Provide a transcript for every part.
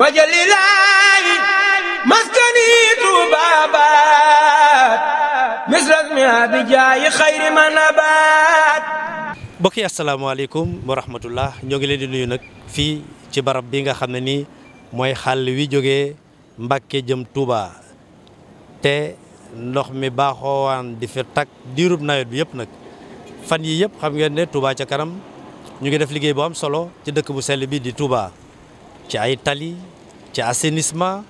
wajalilaahi maskani tuubaabaat misrasmi abijaayi xayri ma nabaat mbokk yi asalaamaaleykum wa rahmatullah ngi leen di nuyu nag fii ci barab bi nga xam ne nii mooy xàll wi jóge mbakke jëm Touba te ndox mi baaxoowaan di fi takk diirub nawet bi yëpp nag fan yi yëpp xam ngeen ne Touba ca kanam ñu ngi def liggéey bu am solo ci dëkk bu sell bi di Touba ci ay tali ci assainissement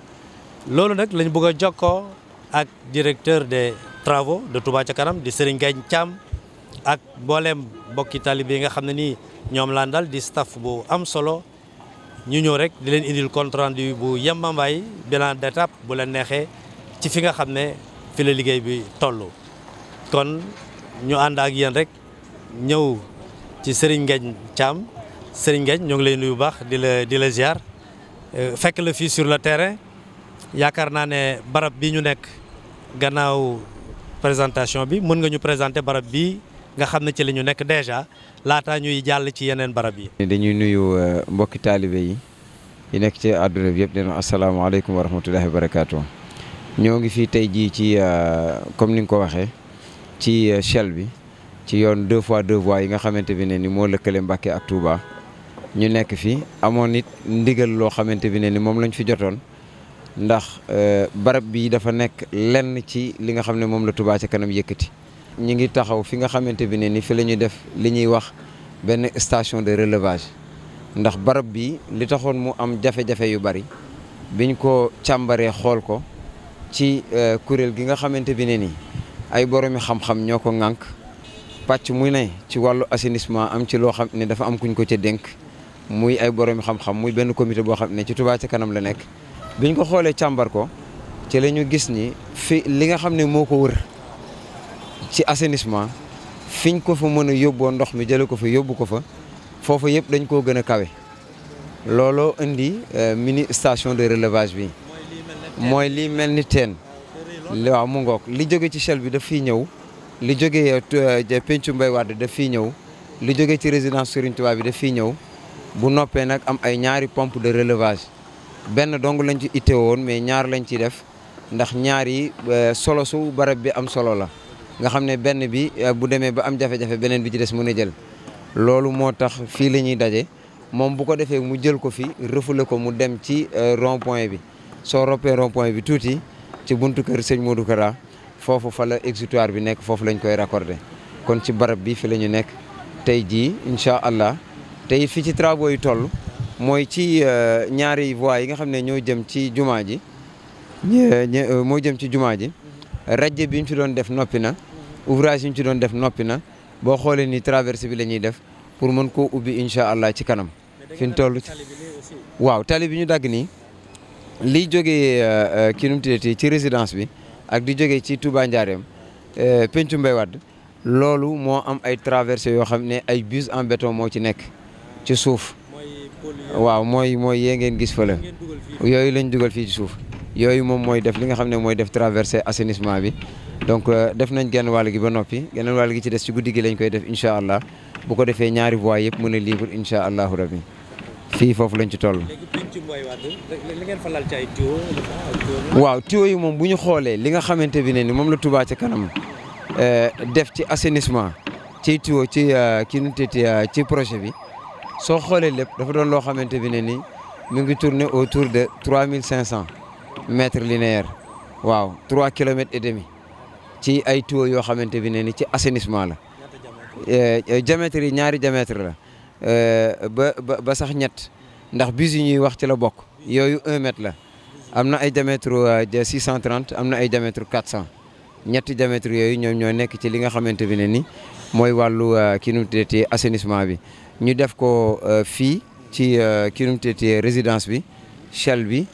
loolu nag lañ bëgg a jokkoo ak directeur de travaux de Touba ca kanam di Serigne Gagne Thiam ak mboolem mbokki talibé yi nga xam ne nii ñoom laan dal di staff bu am solo ñu ñëw rek di leen indil compte rendu bu yemambaay bilan d'étape bu leen neexee ci fi nga xam ne fi la liggéey bi toll. kon ñu ànd ak yéen rek ñëw ci Serigne Gagne caam Serigne Gagne ñoo ngi lay nuyu bu baax di la di la ziar. Euh, fekk la fii sur le terrain yaakaar naa ne barab bi ñu nekk gannaaw présentation bi mën nga ñu présenter barab bi nga xam ne ci la ñu nekk déjà laataa ñuy jàll ci yeneen barab yi. dañuy nuyu euh, mbokki taalibe yi yi nekk ci àdduna bi yëpp di leen asalaamaaleykum wa rahmatullahi wa barakaatu. ñoo ngi fii tey jii ci euh, comme ni nga ko waxee ci Shell bi ci yoon deux fois deux voies yi nga xamante bi ne ni moo lëkkale Mbàkke ak Touba. ñu nekk fi amoon it ndigal loo xamante bi ne ni moom lañ fi jotoon ndax euh, barab bii dafa nekk lenn ci li nga xam ne moom la Touba ca kanam yëkkati. ñi ngi taxaw fi nga xamante bi ne ni fi la ñuy def li ñuy wax benn station de relevage ndax barab bi li taxoon mu am jafe-jafe yu bari biñ ko càmbaree xool ko ci euh, kuréel gi nga xamante bi ne ni ay boroomi xam-xam ñoo ko ŋànk pàcc mu ne ci wàllu assainissement am ci loo xam ne dafa am kuñ ko ca dénk. muy ay borom xam-xam muy benn comité boo xam ne ci Touba ca kanam la nekk bi ñu ko xoolee càmbarko ko ci la ñu gis ni fi li nga xam ne moo ko wër ci assainissement fiñ ko fa mën a yóbboo ndox mi jële ko fa yóbbu ko fa foofa yëpp dañ koo gën a kawe looloo indi euh, mini station de relevage bi mooy li mel ni teen waaw mu ngoog li jóge ci Shell bi daf fiy ñëw li jóge euh, pencu mbay wadd daf fiy ñëw li jóge ci résidence Serigne Touba bi daf fiy ñëw bu noppee nag am ay ñaari pompe de relevage benn dong lañ ci itte woon mais ñaar lañ ci def ndax ñaari yi euh, solo su barab bi am solo la nga xam ne benn bi euh, bu demee ba am jafe-jafe beneen bi ci des mën a jël loolu moo tax fii la ñuy daje moom bu ko defee mu jël ko fi refoulé ko mu dem ci euh, rond point bi soo roppee rond bi tuuti ci buntu kër sëñ Modou Kara foofu fa la exutoire bi nekk foofu lañ koy raccordé kon ci barab bi fi la ñu nekk tey jii incha allah tey fi ci travaux yi toll mooy ci euh, ñaari voies yi nga xam ne ñoo jëm ci jumaa ji euh, moo jëm ci jumaa ji rajo bi ñu fi doon def noppi na ouvrage yi ñu ci doon def noppi na boo xoolee ni traversée bi la ñuy def pour mën ko ubbi incha allah ci kanam fi ñu toll waaw tali bi ñu dagg nii liy jógee euh, kii nu mu ti ci résidence bi ak di jógee ci Touba Ndiarème pencu Mbay Wadd loolu moo am ay traversée yoo xam ne ay bus en béton moo ci nekk ci suuf waaw mooy mooy yee ngeen gis fa yooyu lañ dugal fii ci suuf yooyu moom mooy def li nga xam ne mooy def traversé assainissement bi donc euh, def nañ genn wàll gi ba noppi genn wàll gi ci des ci guddi gi lañ koy def incha allah bu ko defee ñaari voies yëpp mën a libre incha allahu rabbi fii foofu lañ ci toll. waaw tuyau yi moom bu ñu xoolee li nga xamante bi ne ni moom la Touba ci kanam euh, def ci assainissement ci tuyau ci ki euh, nu ci projet bi. soo xoolee lépp dafa doon loo xamante bi ne nii mu ngi tourner autour de mille 3500 mètres linéaires waaw 3 kilomètres et demi ci ay tuyaux yoo xamante bi ne ni ci assainissement la. diamètre yi euh, ñaari diamètre la euh, ba ba sax ñett ndax bus yi ñuy wax ci la bokk yooyu 1 mètre la am na ay diamètre euh, 630 am na ay diamètre cent ñett diamètre yooyu ñoom ñoo nekk ci li nga xamante bi ne nii mooy wàllu ki nu mu tuddati assainissement bi. ñu def ko euh, fii ci ki nu mu résidence bi Shell bi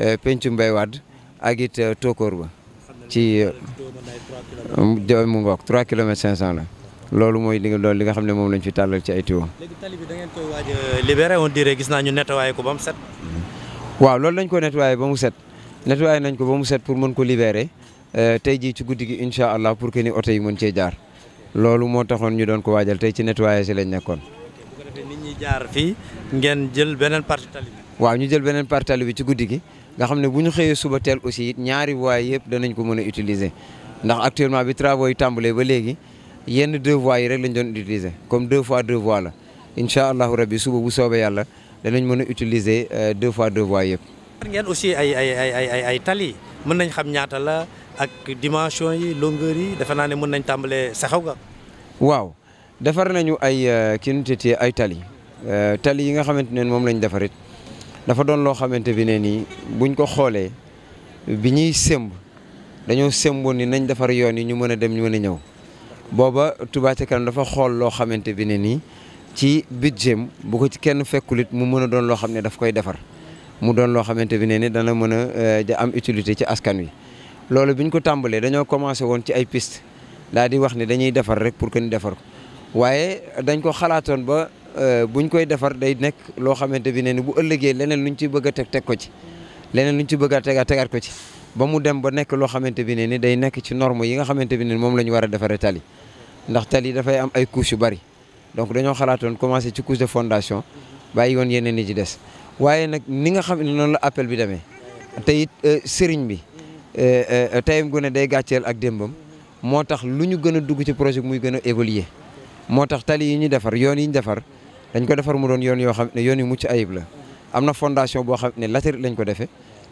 euh, pencu mbay wadd ak it euh, Tokor ba ci doomu mu ngoog 3 kilomètres 500 la. loolu mooy li nga loolu li nga xam ne moom lañ fi tàllal ci ay tuyaux. léegi tali gis naa ñu nettoyé ko ba mu set. waaw loolu lañ ko nettoyé ba mu set nettoyé nañ ko ba mu set pour mën ko libéré tey jii ci guddi gi incha allah pour que ni oto yi mën cee jaar loolu moo taxoon ñu doon ko waajal tey ci nettoyé si lañ nekkoon. te nit ñi jaar fi ngeen jël beneen partie tali waaw ñu jël beneen partie tali bi ci guddi gi nga xam ne bu ñu xëyee suba teel aussi it ñaari voies yëpp danañ ko mën a utiliser ndax actuellement bi travaux yi tàmbalee ba léegi yenn deux voies yi rek lañ doon utiliser comme deux fois deux voies la incha allahu rabbi suba bu soobee yàlla danañ mën a utiliser euh, deux fois deux voies yëpp. ngeen aussi ay ay ay ay tali mën nañ xam ñaata la ak dimension yi longueur yi defe naa ne mën nañ tàmbalee saxaw ga waaw defar nañu ay euh, ki nutité ay tali euh, tali yi nga xamante ne moom lañ defarit dafa doon loo xamante bi ne nii buñ ko xoolee bi ñuy semb dañoo sëmboon ni nañ defar yoon yi ñu mën a dem ñu mën a ñëw booba Touba Ca Kanam dafa xool loo xamante bi ne nii ci budget bu ko ci kenn fekkulit mu mën a doon loo xam ne dafa koy defar mu doon loo xamante bi ne dana mën a euh, am utilité ci askan wi loolu bi ñu ko tàmbalee dañoo commencé woon ci ay piste daal di wax ne dañuy defar rek pour que ñu defar waaye dañ ko xalaatoon ba euh, buñ koy defar day nekk loo xamante bi ne ni bu ëllëgee leneen lu ñu ci bëgg a teg teg ko ci leneen luñ ci bëgg a tegaat tegaat ko ci ba mu dem ba nekk loo xamante bi ne ni day nekk ci norme yi nga xamante bi ne moom la ñu war a defaree tali ndax tali dafay am ay couches yu bari donc dañoo xalaatoon commencé ci couche de fondation bàyyi woon yeneen ni ci des waaye nag ni nga xam noonu la appel bi demee te it euh, sëriñ bi euh, tayam gu day gàcceel ak démbam moo tax lu ñu gën a dugg ci projet muy gën a évoluer moo tax tali yi ñu defar yoon yi ñu defar dañ ko defar mu doon yoon yoo xam ne yoon yu mucc ayib la am na fondation boo xam ne latérite lañ ko defee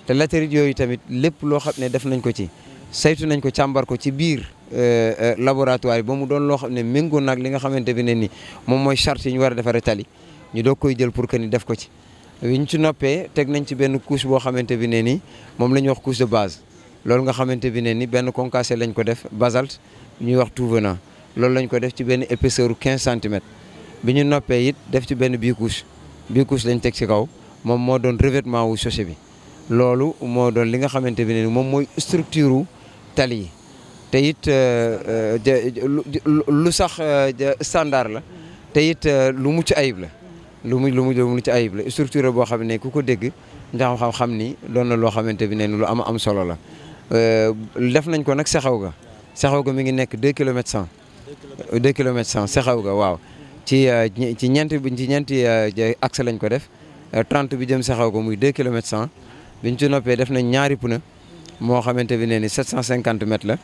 te latérite yooyu tamit lépp loo xam ne def nañ ko ci saytu nañ ko càmbar ko ci biir euh, euh, laboratoire yi ba mu doon loo xam ne méngoo nag li nga xamante bi ne ni moom mooy charte yi ñu war a defaree tali ñu doog koy jël pour que ni def ko ci ñu ci noppee teg nañ ci benn couche boo xamante bi ne ni moom la ñuy wax couche de base loolu nga xamante bi ne ni benn concassé lañ ko def basalte ñuy wax tout loolu lañ ko def ci benn épaisseur u 15 bi ñu noppee it def ci benn bicouche bicouche lañ teg ci kaw moom moo doon revêtement wu chaussée bi loolu moo doon li nga xamante bi ne moom mooy structure wu te it euh, euh, lu sax euh, standard la te it lu mucc ayib la lu mu lu mu lu mucc ayib la structure boo xam ne ku ko dégg ndax xam-xam ni doon na loo xamante bi ne lu am am solo la def nañ ko nag saxaw ga saxaw ga mi ngi nekk 2 kilomètres 100 deux kilomètres cent saxaw ga waaw ci euh, ci ñeenti ci ñeenti euh, axe lañ ko def euh, trente bi jëm saxaw ga muy deux kilomètres cent biñ ci noppee def nañ ñaari pneu moo xamante bi ne ni sept cent cinquante mètres la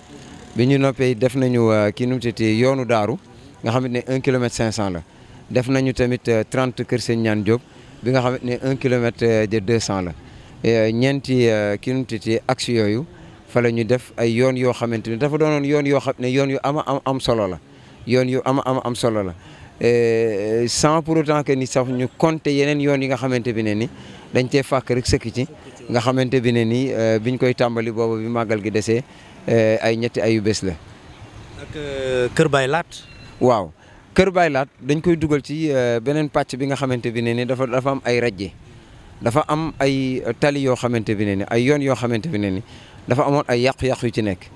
bi ñu noppee def nañu kii nu mu tuddati yoonu daaru nga xamante ne un kilomètre cinq cent la def nañu tamit trente kër sëñ ñaan Diop bi nga xamante ne un kilomètre de deux cent la ñeenti kii nu mu tuddati axe yooyu fa la ñu def ay yoon yoo xamante ne dafa doonoon yoon yoo xam ne yoon yu ama am am solo la yoon yu ama am am solo la euh, sans pour autant ni sax ñu compter yeneen yoon yi nga xamante bi ne ni dañ cee fàkk rek sëkk ci nga xamante bi ne ni euh, biñ koy tàmbali boobu bi màggal gi desee euh, ay ñetti ayu bés la. ak Kër Baye Laat. waaw Kër Baye Laat dañ koy dugal ci beneen pàcc bi nga xamante bi ne dafa dafa am ay rajje dafa am ay tali yoo xamante bi ne ni ay yoon yoo xamante bi ne ni. dafa amoon ay yàqu-yàqu yu ci nekk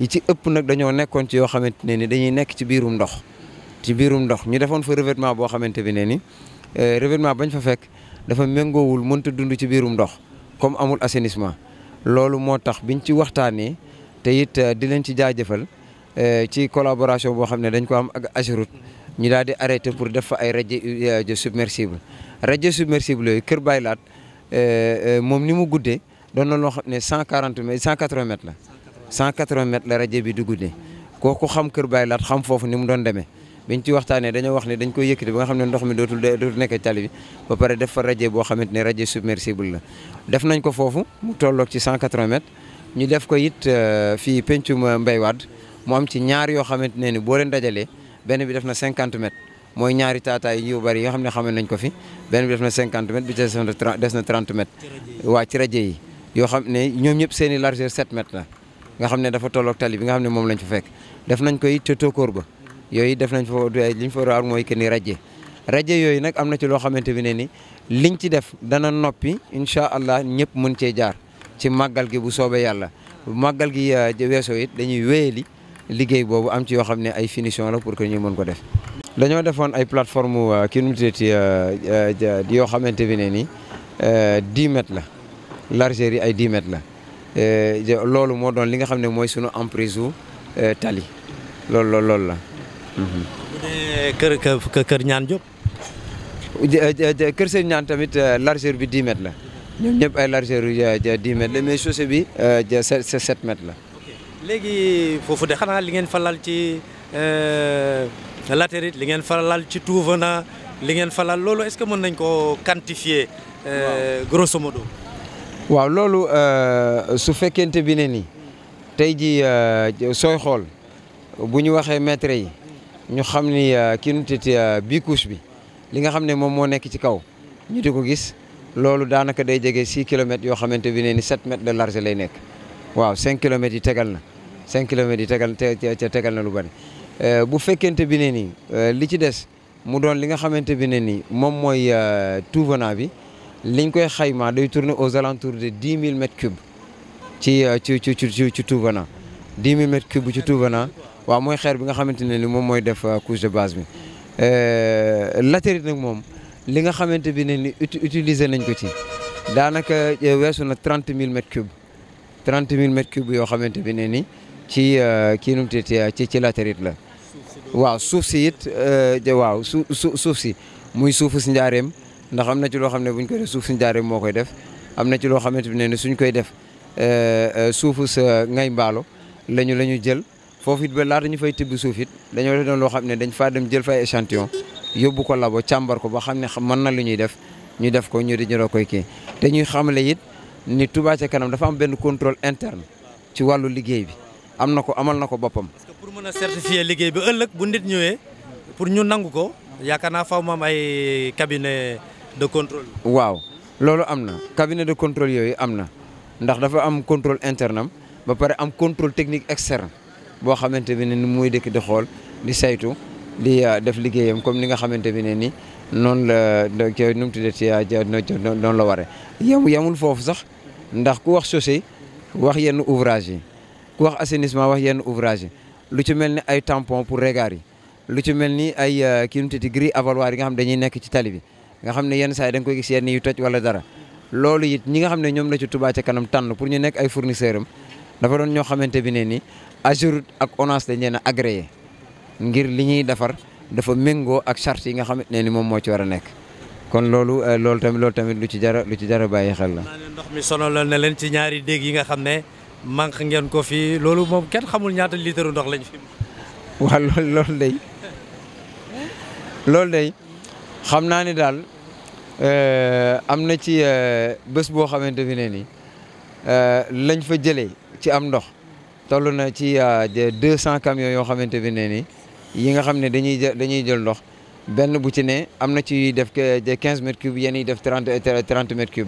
yi ci ëpp nag dañoo nekkoon ci yoo xamante ne ni dañuy nekk ci biirum ndox ci biirum ndox ñu defoon fa revêtement boo xamante bi ne ni euh, revêtement bañ fa fekk dafa méngoowul mënta dund ci biirum ndox comme amul assainissement loolu moo tax biñ ci waxtaanee te it euh, di leen ci jaajëfal euh, ci collaboration boo xam ne dañ ko am ak Ageroute ñu daal di arrêté pour def fa ay rajo submersible rajo submersible yooyu Kër Baylaat moom ni mu guddee doon na loo xam ne cent quarante mètres cent quatre-vingts la. cent quatre-vingts mètres la rajo bi di ko kooku xam Kër Baye Laat xam foofu ni mu doon demee. biñ ci waxtaanee dañoo wax ne dañ koy yëkkati ba nga xam ne ndox mi dootul dootul nekk tali bi ba pare def fa rajo boo xamante ne rajo submersible la. def nañ ko foofu mu tolloog ci cent quatre ñu def ko it euh, fii pencum euh, Mbay Wadd mu ci ñaar yoo xamante ne ni boo leen dajalee benn bi def na cinquante mooy ñaari taataay yu bari yoo xam ne xamee nañ ko fi benn bi def na cinquante mètres bi des na trente mètres waa ci rajo yi. yoo xam ne ñoom ñëpp seeni i largeur 7 la nga xam ne dafa tolloog tali bi nga xam ne moom lañ fa fekk def nañ koy te tóokóor ba yooyu def nañ fa li ñu fa war mooy que ni raje rajo yooyu nag am na ci loo xamante bi nee ni liñ ci def dana noppi incha allah ñëpp mën cee jaar ci màggal gi bu soobee yàlla màggal gi euh, weesoo it dañuy wéyali liggéey boobu am ci yoo xam ne ay finition la pour que ñu mën ko def. dañoo defoon ay plateforme euh, ki nu mu tuddati euh, yoo xamante bi nee ni 10 mètres la. largeur yi ay 10 mètres la euh, loolu moo doon li nga xam ne mooy sunu emprise u euh, tali loolu loolu loolu la. Mhm. bu dee kër kë kër ñaan Diop. kër seen ñaan tamit euh, largeur bi 10 mètres la ñoom ñëpp ay largeur yu 10 mètres la mais chaussée bi ja 7 la. léegi foofu de xanaa li ngeen falal ci latérite li ngeen lal ci tout venant li ngeen falal loolu est-ce que mën nañ koo quantifier. grosso modo. waaw loolu euh, su fekkente bi ne ni tey ji euh, sooy xool bu ñu waxee maître yi ñu xam ni euh, kii nu titi bii couche bi li nga xam ne moom moo nekk ci kaw ñu di ko gis loolu daanaka day jege 6 kilomètres yoo xamante bi ne ni 7 mètres de large lay nekk waaw 5 kilomètres yi tegal na 5 kilomètres yi tegal te tegal na lu bari bu fekkente bi ne ni li ci des mu doon li nga xamante bi ne ni moom mooy tout venant bi liñ koy xayma day tourner aux alentours de dix mille mètres cubes ci euh, ci ci ci ci Toubanan dix mille mètres cubes ci Toubanan waaw mooy xeer bi nga xamante ne ni moom mooy def euh, couche de base bi euh, latérite nag moom li nga xamante bi ne ni utiliser nañ ko ci daanaka weesu na trente mille mètres cubes trente mille mètres cubes yoo xamante bi ne ni ci kii nu mu ci ci latérite la waaw suuf si it waaw su suuf si muy suufu si njaareem ndax am na ci loo xam ne buñ koy def suuf loo xamante ne ne suñ koy def euh, euh, suufu sa ngay mbaalo lañu la ñu jël foofu it ba laata ñu fay tibb suuf it dañoo def doon loo xam ne dañ faa dem jël fay échantillon yóbbu ko labo cambar ko ba xam ne man na lu ñuy def ñu def ko ñu di ñoroo koy kii te ñuy xamle it ni Touba ca kanam dafa am benn contrôle interne ci wàllu liggéey bi am na ko amal na ko boppam. parce que pour mën a certifier liggéey bi ëllëg bu nit ñëwee pour ñu nangu ko yaakaar naa faw ma am ay de waaw loolu am na cabinet de contrôle yooyu am na ndax dafa am contrôle interne ba pare am contrôle technique externe boo xamante bi ne ni muy dëkk di xool di saytu di euh, def liggéeyam comme ni nga xamante bi ne noonu la nu mu tuddati euh, noonu la waree. yem yemul foofu sax ndax ku wax chaussée wax yenn ouvrage yi ku wax assainissement wax yenn ouvrage yi lu ci mel ni ay tampon pour regards yi lu ci mel ni ay euh, kii nu mu tuddati grilles avaloirs yi nga xam dañuy nekk ci tali bi. nga xam ne yenn saa yi da nga koy gis yenn yu toj wala dara loolu it ñi nga xam ne ñoom la ci Touba ca kanam tànn pour ñu nekk ay fournisseur am dafa doon ñoo xamante bi ne ni Azur ak ONAS dañ leen a ngir li ñuy defar dafa méngoo ak charte yi nga xam ne ni moom moo ci war a nekk kon loolu euh, loolu tamit loolu tamit lu ci jara lu ci jara bàyyi xel la. ndox mi sonaloon na leen ci ñaari déeg yi nga xam ne manque ngeen ko fi loolu moom kenn xamul ñaata litre ndox lañ fi. waaw loolu loolu day loolu xam naa ni daal eh, am na ci eh, bés boo xamante fi ne nii eh, lañ fa jëlee ci am ndox toll na ci deux cent camions yoo xamante fi ne yi nga xam ne dañuy dañuy jël ndox benn bu ci ne am na ci def quinze mètres cubes yenn yi def trente trente mètres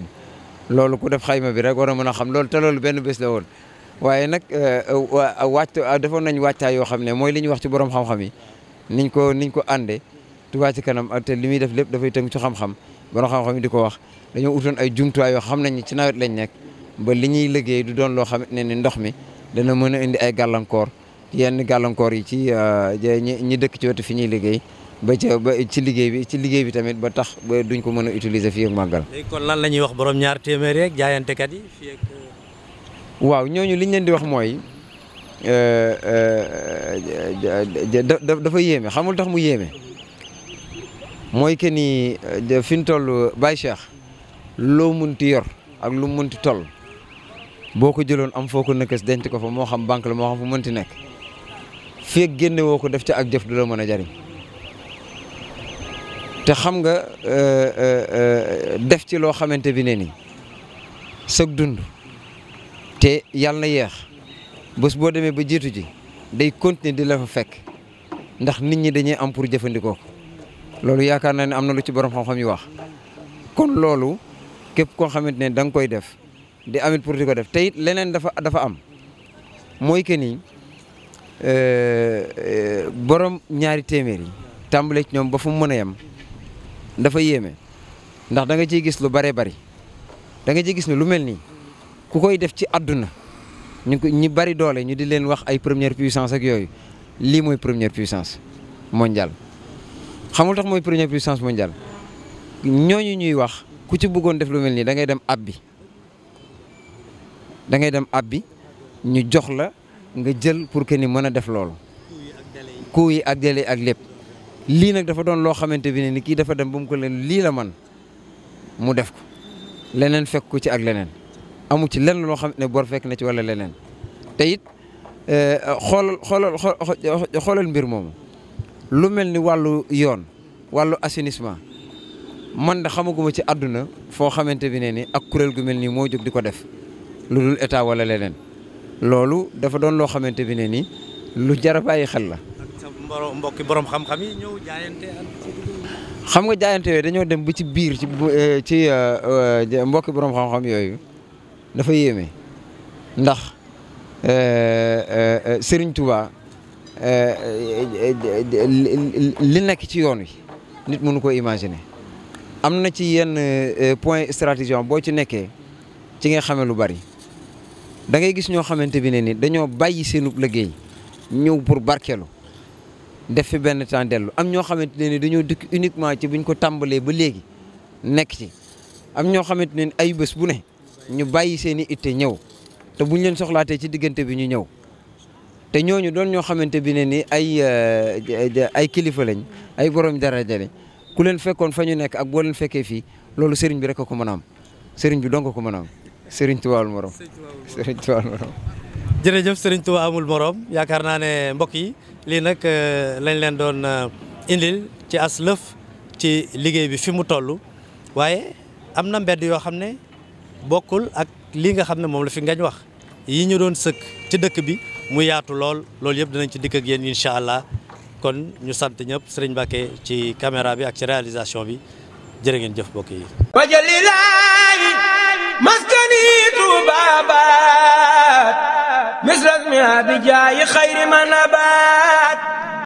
loolu ku def xayma bi rek war a mën a xam loolu te loolu benn bés la woon. waaye nag a defoon nañ wàccaay yoo xam ne mooy li ñu wax ci borom xam-xam yi niñ ko niñ ko àndee. Touba ci kanam te li muy def lépp dafay tënk ci xam-xam borom xam-xam yi di ko wax dañoo utoon ay jumtuwaay xam nañ ci nawet lañ nekk ba li ñuy liggéey du doon loo xam ne ni ndox mi dana mën a indi ay gàllankoor yenn gàllankoor yi ci euh, ñi dëkk ci wetu fi ñuy liggéey ba ca ba ci liggéey bi ci liggéey bi tamit ba tax ba duñ ko mën a utiliser fii ak màggal. kon lan la ñuy wax borom ñaar téeméer yeeg jaayantekat euh, waaw ñooñu liñ leen di wax mooy euh, dafa yéeme xamul tax mu yéeme. mooy que ni euh, fi ñu toll Baye Cheikh loo munti yor ak lu munti toll boo ko jëloon am foo ko nëkkës denc ko fa moo xam banque la moo xam fu munti nekk feeg génne woo ko def ci ak jëf du la mën a jariñ te xam nga euh, euh, def ci loo xamante bi ne nii sëg dund te yàlla na yeex bés boo demee ba jiitu ji day continuer di la fa fekk ndax nit ñi dañuy am pour jëfandikoo ko loolu yaakaar naa ni am na lu ci borom xam-xam yu wax kon loolu képp koo xamante ne danga koy def di amit pour di ko def tey leneen dafa dafa am mooy que ni euh, euh, borom ñaari téeméer yi tàmbale ci ñoom ba fu mu mën a yem dafa yéeme ndax danga nga ciy gis lu baree bari da nga ciy gis ne lu mel nii ku koy def ci àdduna ñu ko ñi bari doole ñu di leen wax ay première puissance ak yooyu lii mooy première puissance mondiale. xamul tax mooy première puissance mondiale ñooñu ñuy wax ku ci buggoon def lu mel nii da dem ab bi da dem ab bi ñu jox la nga jël pour que ni mën a def loolu. coût yi ak délai ak lépp. lii nag dafa doon loo xamante bi ne ni kii dafa dem ba mu ko leen lii la man mu def ko leneen fekk ko ci ak leneen amu ci len loo xam ne bor fekk na ci wala leneen te it euh, xoolal xoolal xoolal mbir moomu. lu mel ni wàllu yoon wàllu assainissement man de xamaguma ci àdduna foo xamante bi ne ni ak kuréel gu mel nii moo jóg di ko def lu dul état wala leneen loolu dafa doon loo xamante bi ne ni lu jar a xel la. mbokki boroom xam-xam yi ñëw jaayante xam nga jaayante dañoo dem ba ci biir ci eh, ci eh, eh, mbokki boroom xam-xam yooyu dafa yéeme ndax Serigne li nekk ci yoon wi nit mënu ko imaginer am na ci yenn euh, point stratégie boo ci nekkee ci nga xamee lu bari dangay gis ñoo xamante bi ne ni dañoo bàyyi seenub liggéey ñëw pour barkeelu def fi benn temps dellu am ñoo xamante ne ni dañoo dikk uniquement ci buñ ko tàmbalee ba léegi nekk ci am ñoo xamante ne ay bés bu ne ñu bàyyi seen i itte ñëw te buñ leen soxlaatee ci diggante bi ñu ñëw. te ñooñu doon ñoo xamante bi ne ni ay euh, ay kilifa lañ ay borom daraja lañ ku leen fekkoon fa ñu nekk ak boo leen fekkee fii loolu sëriñ bi rek ko mën a am sëriñ bi donk ko mën a am sëriñ Tuubaa moroom morom sëriñ Tuubaa jërëjëf sëriñ Tuubaa amul morom yaakaar naa ne mbokk yi lii nag euh, lañ leen doon euh, indil ci as lëf ci liggéey bi fi mu toll waaye am na mbedd yoo xam ne bokkul ak lii nga xam ne moom la fi ngañ wax yi ñu doon sëkk ci dëkk bi. mu yaatu lool loolu yëpp dinañ ci dikk ak yéen incha allah kon ñu sant ñëpp Serigne Mbacké ci caméra bi ak ci réalisation bi jërë ngeen jëf mbokk yi wajalilaay maskani tubabat misrak mi abi jaay xayri manabat